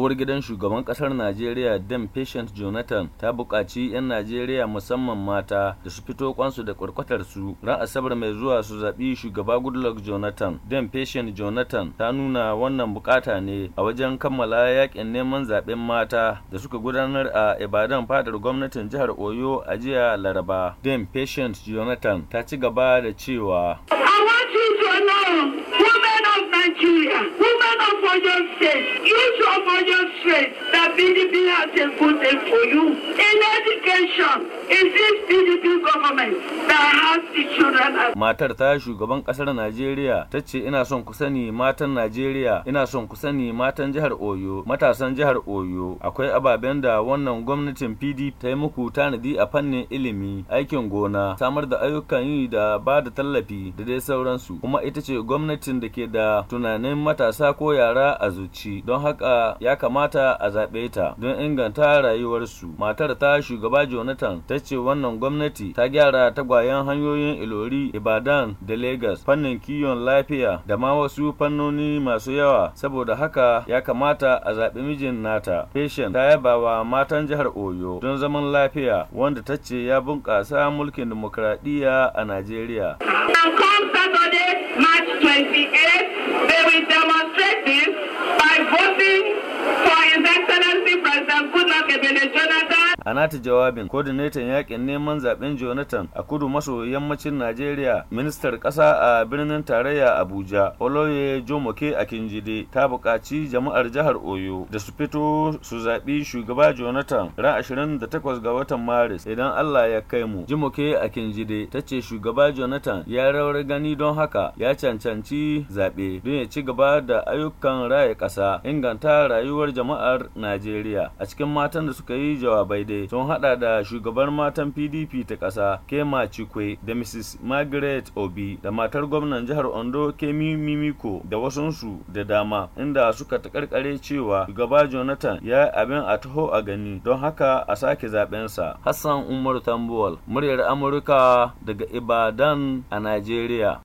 uwar gidan shugaban kasar najeriya dem patient jonathan ta buƙaci 'yan najeriya musamman mata da su fito kwansu da kwarkwatar su ran asabar mai zuwa su zaɓi shugaba goodluck jonathan dem patient jonathan ta nuna wannan bukata ne a wajen kammala yakin neman zaɓen mata da suka gudanar a ibadan fadar gwamnatin jihar oyo a jiya laraba dem patient jonathan ta ci gaba da cewa I want you to know, women of Nigeria, has a good thing for you. In education, is this PDP government that has the matar ta shugaban kasar najeriya ta ce ina son ku sani matan najeriya ina son ku sani matan jihar oyo matasan jihar oyo akwai ababen da wannan gwamnatin pdp ta yi muku tanadi a fannin ilimi aikin gona samar da ayyukan yi da ba da tallafi da dai sauransu kuma ita ce gwamnatin da ke da tunanin matasa ko yara a zuci don haka ya kamata a zaɓe ta don inganta rayuwarsu matar ta shugaba jonathan ta ce wannan gwamnati ta gyara tagwayen hanyoyin ilori iba Ibadan da Legas fannin kiwon lafiya da ma wasu fannoni masu yawa saboda haka ya kamata a zaɓi mijin nata. Patient ta yaba wa matan jihar Oyo don zaman lafiya wanda ta ce ya bunƙasa mulkin dimokuraɗiyya a Najeriya. 28 a nata jawabin coordinator yakin neman zaben jonathan a kudu maso yammacin najeriya ministar kasa a birnin tarayya abuja oloye jomoke akinjide ta buƙaci jama'ar jihar oyo da su fito su zaɓi shugaba jonathan ran 28 ga watan maris idan allah ya kai mu jimoke akinjide ta ce shugaba jonathan ya rawar gani don haka ya cancanci zaɓe don ya ci gaba da ayyukan raya ƙasa inganta rayuwar jama'ar najeriya a cikin matan da suka yi jawabai dai Eh. sun hada da shugabar matan pdp ta ƙasa kema chikwe da mrs margaret obi da matar gwamnan jihar ondo kemi mimiko da wasunsu da dama inda suka takarkare cewa shugaba jonathan ya yi abin a taho a gani don haka a sake zabensa hassan umar tambuwal muryar amurka daga ibadan a najeriya